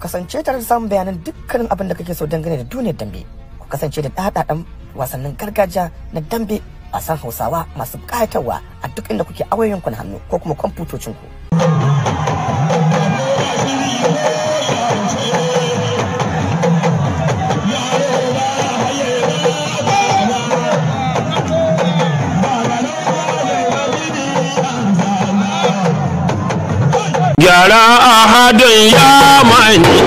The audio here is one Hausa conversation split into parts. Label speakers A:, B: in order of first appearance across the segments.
A: kasance tare da samun bayanan dukkanin abin da kake so dangane da duniyar dambe ku kasance da ɗaɗaɗan wasannin gargajiya na dambe a san hausawa masu ƙayatarwa a duk inda kuke awayoyinku na hannu ko kuma kwamfutocinku. ku yara ahadin ya manya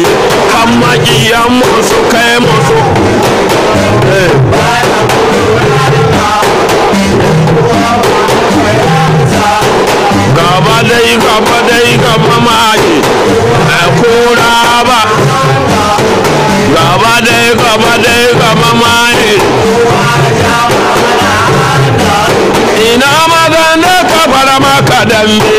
A: yi har maƙiyan musu kai musu eh. gaba dai gaba dai gaba maki a kura ba gaba dai gaba dai gaba maki ina magana ka fara maka dambe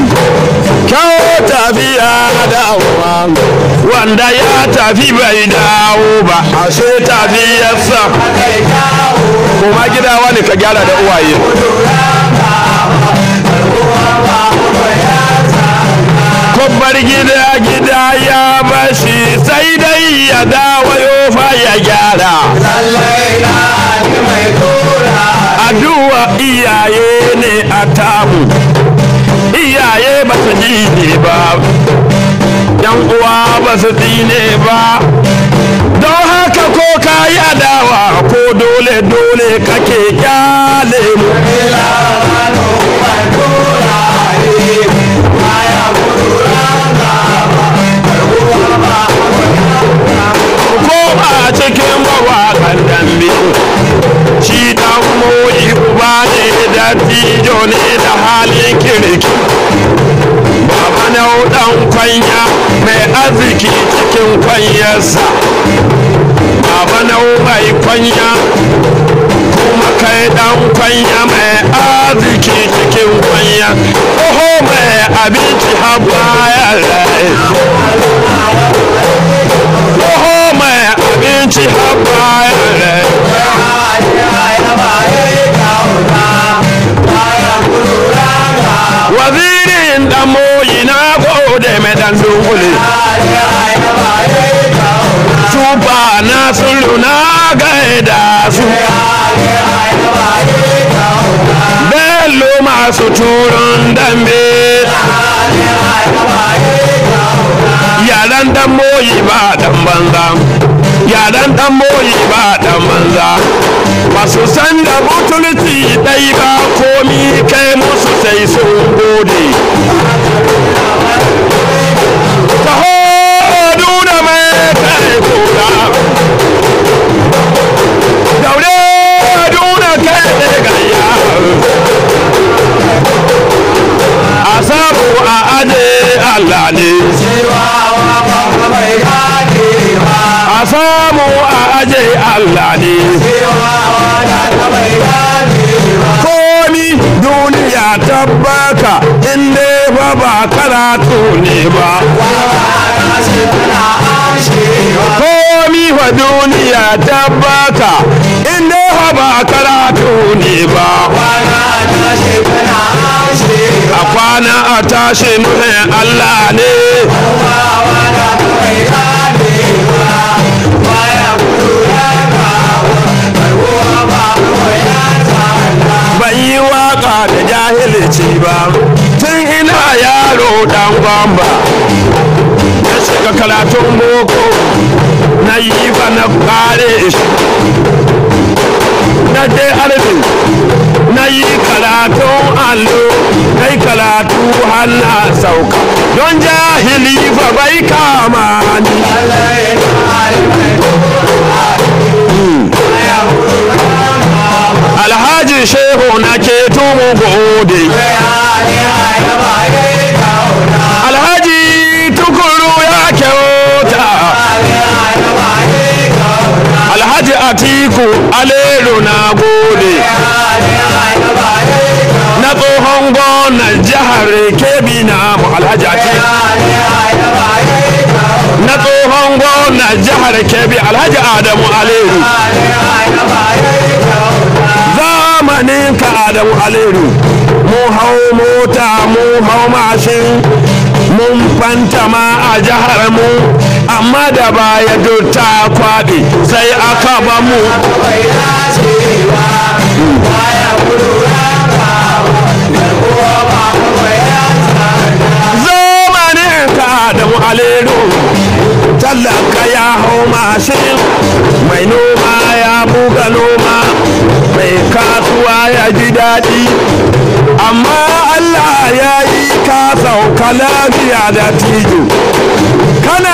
A: tafiya dawowa wanda ya tafi bai dawo ba ashe tafiyarsa kuma gida wani ka gyara da uwaye babbar gida gida ya bashi sai dai ya dawo yofa ya gyara addu'a iyaye ne a tamu iyaye ba su ji ne ba yan uwa ba su ne ba don haka ko ka yi adawa ko dole dole kake kyale mu mai kwanya kuma kai dan kwanya mai arziki cikin kwanya oho mai abinci har bayan rai rasulu na gaida su bello masu turon dambe yaran dan moyi ba dan banza yaran dan ba dan banza ba su san da butulci dai ba komi kai musu sai su gane a samu a aje Allah ne komi duniya tabbaka inda ba ba karatu ne ba komi wa duniya tabbaka inda ba karatu ne ba a kwana a tashi nufin Allah ne ban yi waka da jahilci ba tun ina yaro dan gwamba ya shiga karatun boko na yi ba na kare shi na dai arzikin na yi karatun allo na karatu har na sauka don jahili fa bai kama ni hmm. alhaji shehu na ke tumu gode atiku alelu na gode na tsohon gona jihar kebi na mu alhaji na tsohon gona jihar kebi alhaji adamu aleru zamanin ka adamu aleru mu hau mota mu hau mashin mun fanta ma a jihar mu amma da baya ya ta kwaɓe sai aka ba mu zamanin ka ya hau mashin mai noma ya buga noma mai kasuwa ya ji daɗi amma Allah ya yi ka sauka lafiya da tijo kana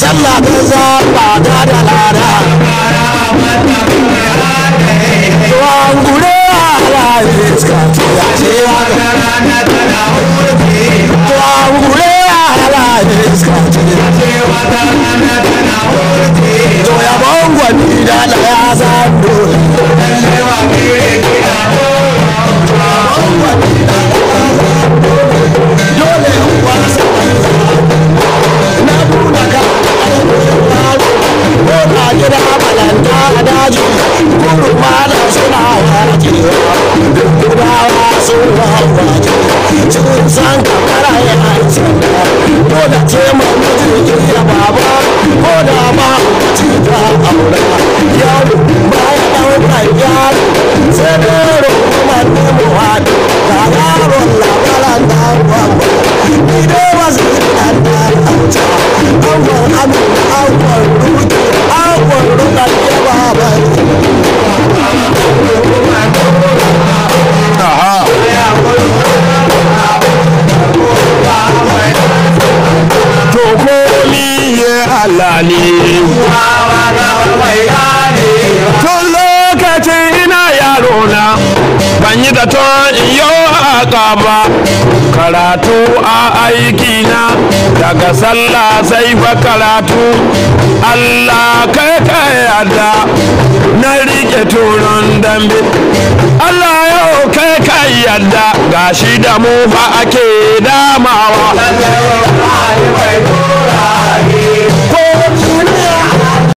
A: sallah banza gane tun lokacin ina yaro na ban yi da iyo haka ba karatu a aiki na daga sallah sai fa karatu allah kai ka yarda na rike turon dambe allah yau kai ka yarda gashi da mu fa ake damawa